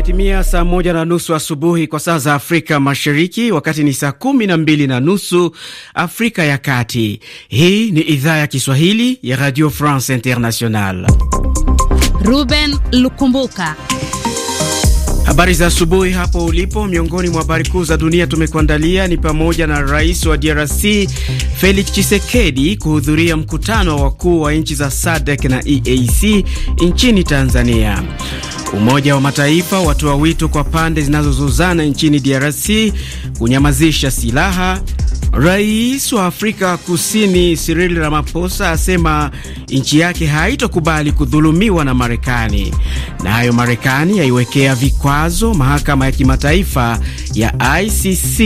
Imetimia saa moja na nusu asubuhi kwa saa za Afrika Mashariki, wakati ni saa kumi na mbili na nusu Afrika ya Kati. Hii ni idhaa ya Kiswahili ya Radio France International. Ruben Lukumbuka, habari za asubuhi hapo ulipo. Miongoni mwa habari kuu za dunia tumekuandalia ni pamoja na rais wa DRC Felix Tshisekedi kuhudhuria mkutano wa wakuu wa nchi za SADC na EAC nchini Tanzania. Umoja wa Mataifa watoa wito kwa pande zinazozozana nchini DRC kunyamazisha silaha. Rais wa Afrika Kusini Cyril Ramaphosa asema nchi yake haitokubali kudhulumiwa na Marekani. Nayo na Marekani yaiwekea vikwazo mahakama ya kimataifa ya ICC.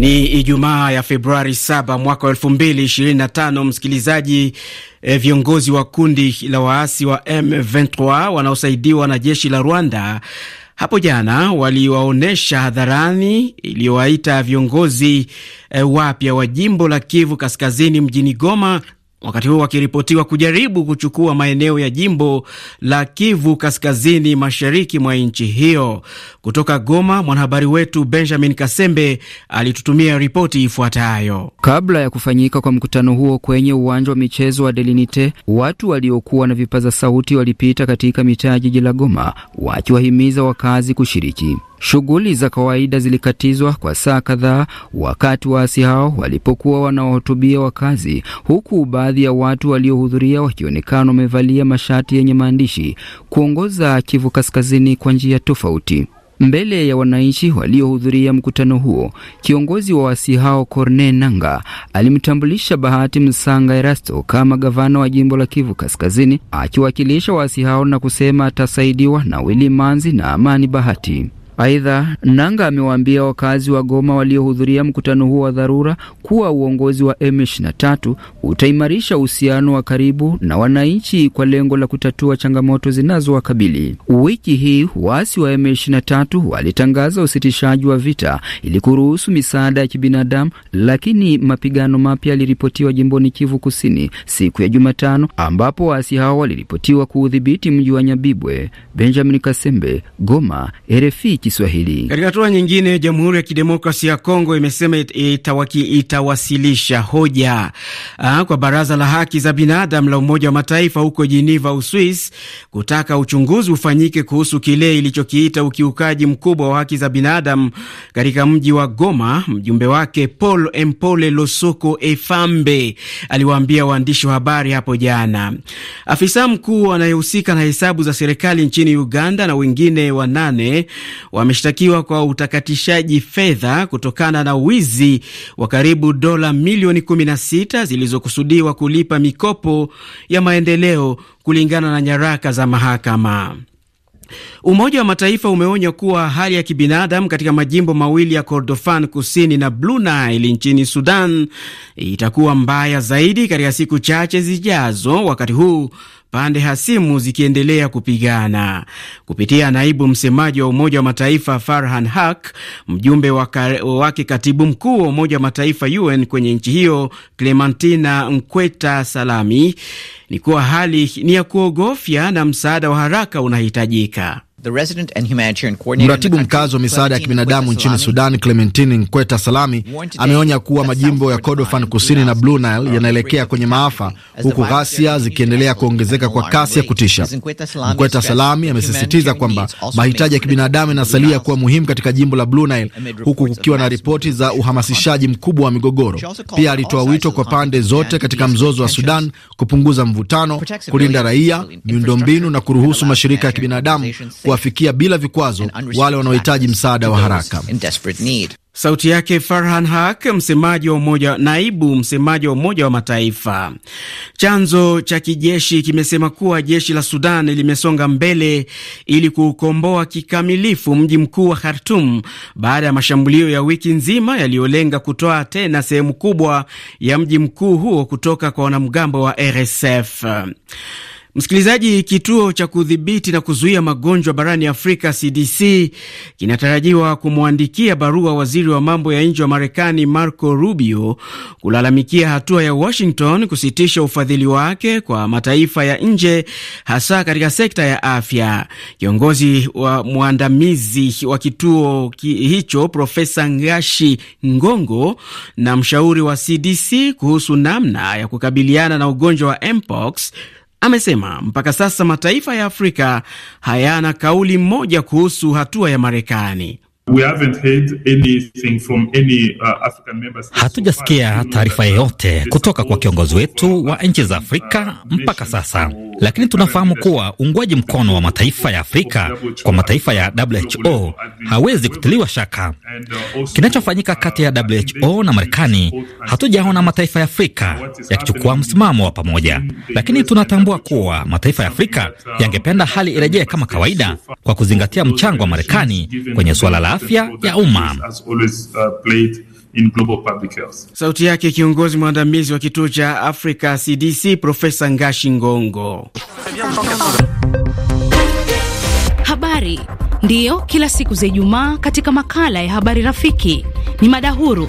Ni Ijumaa ya Februari 7 mwaka wa 2025, msikilizaji. E, viongozi wa kundi la waasi wa M23 wanaosaidiwa na jeshi la Rwanda hapo jana waliwaonyesha hadharani iliyowaita viongozi e, wapya wa jimbo la Kivu Kaskazini mjini Goma wakati huo wakiripotiwa kujaribu kuchukua maeneo ya jimbo la Kivu kaskazini mashariki mwa nchi hiyo. Kutoka Goma, mwanahabari wetu Benjamin Kasembe alitutumia ripoti ifuatayo. Kabla ya kufanyika kwa mkutano huo kwenye uwanja wa michezo wa Delinite, watu waliokuwa na vipaza sauti walipita katika mitaa ya jiji la Goma wakiwahimiza wakazi kushiriki. Shughuli za kawaida zilikatizwa kwa saa kadhaa wakati waasi hao walipokuwa wanawahutubia wakazi, huku baadhi ya watu waliohudhuria wakionekana wamevalia mashati yenye maandishi kuongoza Kivu Kaskazini kwa njia tofauti. Mbele ya wananchi waliohudhuria mkutano huo, kiongozi wa waasi hao Corne Nanga alimtambulisha Bahati Msanga Erasto kama gavana wa jimbo la Kivu Kaskazini, akiwakilisha waasi hao na kusema atasaidiwa na Wili Manzi na Amani Bahati. Aidha, Nanga amewaambia wakazi wa Goma waliohudhuria mkutano huo wa dharura kuwa uongozi wa M23 utaimarisha uhusiano wa karibu na wananchi kwa lengo la kutatua changamoto zinazowakabili. Wiki hii waasi wa M23 walitangaza usitishaji wa vita ili kuruhusu misaada ya kibinadamu, lakini mapigano mapya yaliripotiwa jimboni Kivu Kusini siku ya Jumatano, ambapo waasi hao waliripotiwa kuudhibiti mji wa Nyabibwe. Benjamin Kasembe, Goma, RFI. Kiswahili. Katika hatua nyingine, Jamhuri ya Kidemokrasia ya Kongo imesema itawaki, itawasilisha hoja aa, ah, kwa Baraza la Haki za Binadamu la Umoja wa Mataifa huko Geneva, Uswis, kutaka uchunguzi ufanyike kuhusu kile ilichokiita ukiukaji mkubwa wa haki za binadamu katika mji wa Goma. Mjumbe wake Paul Empole Losoko Efambe aliwaambia waandishi wa habari hapo jana. Afisa mkuu anayehusika na hesabu za serikali nchini Uganda na wengine wanane wameshtakiwa kwa utakatishaji fedha kutokana na wizi wa karibu dola milioni 16 zilizokusudiwa kulipa mikopo ya maendeleo kulingana na nyaraka za mahakama. Umoja wa Mataifa umeonya kuwa hali ya kibinadamu katika majimbo mawili ya Kordofan kusini na Blue Nile nchini Sudan itakuwa mbaya zaidi katika siku chache zijazo, wakati huu pande hasimu zikiendelea kupigana. Kupitia naibu msemaji wa Umoja wa Mataifa Farhan Haq, mjumbe wake katibu mkuu wa Umoja wa Mataifa UN kwenye nchi hiyo Clementina Nkweta Salami ni kuwa hali ni ya kuogofya na msaada wa haraka unahitajika. Mratibu mkazi wa misaada ya kibinadamu nchini Sudan, Clementine Nkweta Salami, ameonya kuwa majimbo ya Kordofan kusini na Blue Nile yanaelekea kwenye maafa, huku ghasia zikiendelea kuongezeka kwa kasi ya kutisha. Nkweta Salami amesisitiza kwamba mahitaji ya kibinadamu yanasalia kuwa muhimu katika jimbo la Blue Nile, huku kukiwa na ripoti za uhamasishaji mkubwa wa migogoro. Pia alitoa wito kwa pande zote katika mzozo wa Sudan kupunguza mvutano, kulinda raia, miundombinu na kuruhusu mashirika ya kibinadamu kuwafikia bila vikwazo wale wanaohitaji msaada wa haraka. Sauti yake Farhan Haq, msemaji wa umoja, naibu msemaji wa Umoja wa Mataifa. Chanzo cha kijeshi kimesema kuwa jeshi la Sudan limesonga mbele ili kuukomboa kikamilifu mji mkuu wa Khartum baada ya mashambulio ya wiki nzima yaliyolenga kutoa tena sehemu kubwa ya mji mkuu huo kutoka kwa wanamgambo wa RSF. Msikilizaji, kituo cha kudhibiti na kuzuia magonjwa barani Afrika CDC kinatarajiwa kumwandikia barua waziri wa mambo ya nje wa Marekani Marco Rubio kulalamikia hatua ya Washington kusitisha ufadhili wake kwa mataifa ya nje hasa katika sekta ya afya. Kiongozi wa mwandamizi wa kituo hicho Profesa Ngashi Ngongo na mshauri wa CDC kuhusu namna ya kukabiliana na ugonjwa wa mpox amesema mpaka sasa mataifa ya Afrika hayana kauli moja kuhusu hatua ya Marekani. Uh, Hatujasikia taarifa yeyote kutoka kwa kiongozi wetu wa nchi za Afrika mpaka sasa lakini tunafahamu kuwa uungwaji mkono wa mataifa ya Afrika kwa mataifa ya WHO hawezi kutiliwa shaka. Kinachofanyika kati ya WHO na Marekani, hatujaona mataifa ya Afrika yakichukua msimamo wa pamoja, lakini tunatambua kuwa mataifa ya Afrika yangependa hali irejee kama kawaida kwa kuzingatia mchango wa Marekani kwenye suala la afya ya umma in global public health. Sauti yake kiongozi mwandamizi wa kituo cha Africa CDC Profesa Ngashi Ngongo. Habari ndiyo kila siku za Ijumaa katika makala ya habari rafiki ni mada huru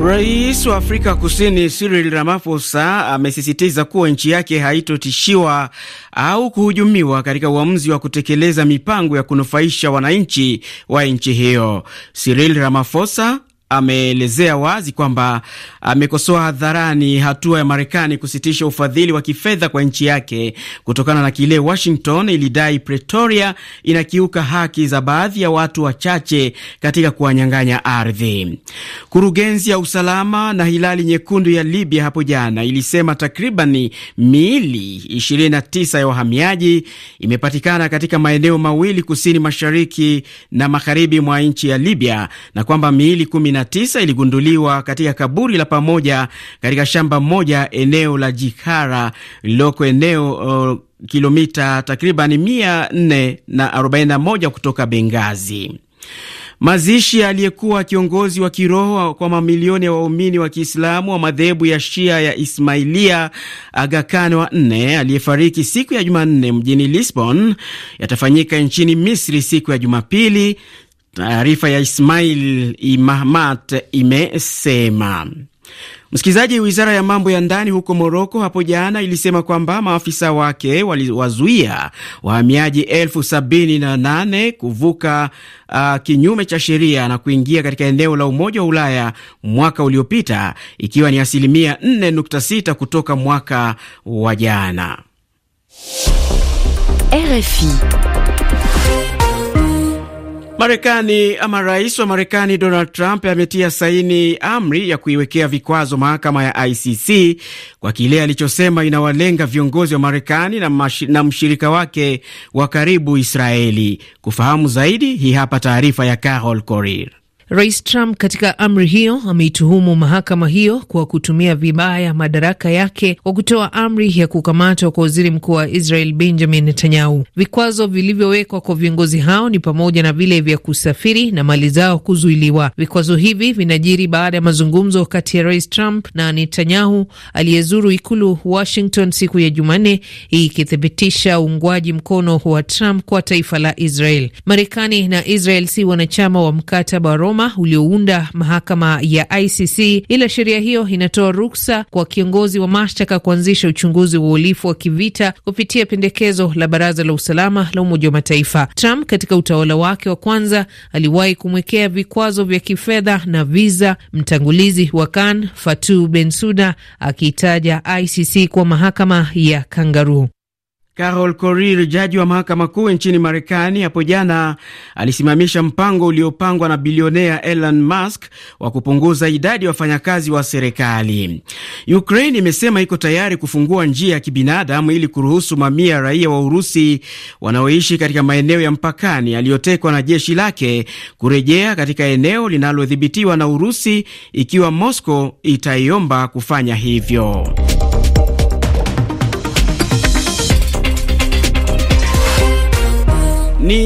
Rais wa Afrika Kusini Cyril Ramaphosa amesisitiza kuwa nchi yake haitotishiwa au kuhujumiwa katika uamuzi wa kutekeleza mipango ya kunufaisha wananchi wa nchi hiyo. Cyril Ramaphosa ameelezea wazi kwamba amekosoa hadharani hatua ya Marekani kusitisha ufadhili wa kifedha kwa nchi yake kutokana na kile Washington ilidai Pretoria inakiuka haki za baadhi ya watu wachache katika kuwanyang'anya ardhi. Kurugenzi ya usalama na Hilali Nyekundu ya Libya hapo jana ilisema takribani miili 29 ya wahamiaji imepatikana katika maeneo mawili kusini mashariki na magharibi mwa nchi ya Libya na kwamba miili 10 9 iligunduliwa katika kaburi la pamoja katika shamba moja eneo la Jikara lililoko eneo uh, kilomita takriban 441 kutoka Bengazi. Mazishi aliyekuwa kiongozi wa kiroho kwa mamilioni ya waumini wa Kiislamu wa madhehebu ya Shia ya Ismailia Aga Khan wa nne aliyefariki siku ya Jumanne mjini Lisbon yatafanyika nchini Misri siku ya Jumapili, Taarifa ya Ismail Imahmat imesema. Msikilizaji, wizara ya mambo ya ndani huko Moroko hapo jana ilisema kwamba maafisa wake waliwazuia wahamiaji elfu sabini na nane kuvuka uh, kinyume cha sheria na kuingia katika eneo la Umoja wa Ulaya mwaka uliopita, ikiwa ni asilimia 4.6 kutoka mwaka wa jana. RFI Marekani ama rais wa Marekani Donald Trump ametia saini amri ya kuiwekea vikwazo mahakama ya ICC kwa kile alichosema inawalenga viongozi wa Marekani na, na mshirika wake wa karibu Israeli. Kufahamu zaidi, hii hapa taarifa ya Carol Korir. Rais Trump katika amri hiyo ameituhumu mahakama hiyo kwa kutumia vibaya madaraka yake kwa kutoa amri ya kukamatwa kwa waziri mkuu wa Israel Benjamin Netanyahu. Vikwazo vilivyowekwa kwa viongozi hao ni pamoja na vile vya kusafiri na mali zao kuzuiliwa. Vikwazo hivi vinajiri baada ya mazungumzo kati ya Rais Trump na Netanyahu aliyezuru ikulu Washington siku ya Jumanne, ikithibitisha uungwaji mkono wa Trump kwa taifa la Israel. Marekani na Israel si wanachama wa mkataba wa Roma mahakama uliounda mahakama ya ICC, ila sheria hiyo inatoa ruksa kwa kiongozi wa mashtaka kuanzisha uchunguzi wa uhalifu wa kivita kupitia pendekezo la Baraza la Usalama la Umoja wa Mataifa. Trump katika utawala wake wa kwanza aliwahi kumwekea vikwazo vya kifedha na viza mtangulizi wa Khan Fatou Bensouda, akiitaja ICC kuwa mahakama ya kangaruu. Carol Korir, jaji wa mahakama kuu nchini Marekani, hapo jana alisimamisha mpango uliopangwa na bilionea Elon Musk wa kupunguza idadi ya wafanyakazi wa serikali. Ukraine imesema iko tayari kufungua njia ya kibinadamu ili kuruhusu mamia ya raia wa Urusi wanaoishi katika maeneo ya mpakani yaliyotekwa na jeshi lake kurejea katika eneo linalodhibitiwa na Urusi ikiwa Moscow itaiomba kufanya hivyo. ni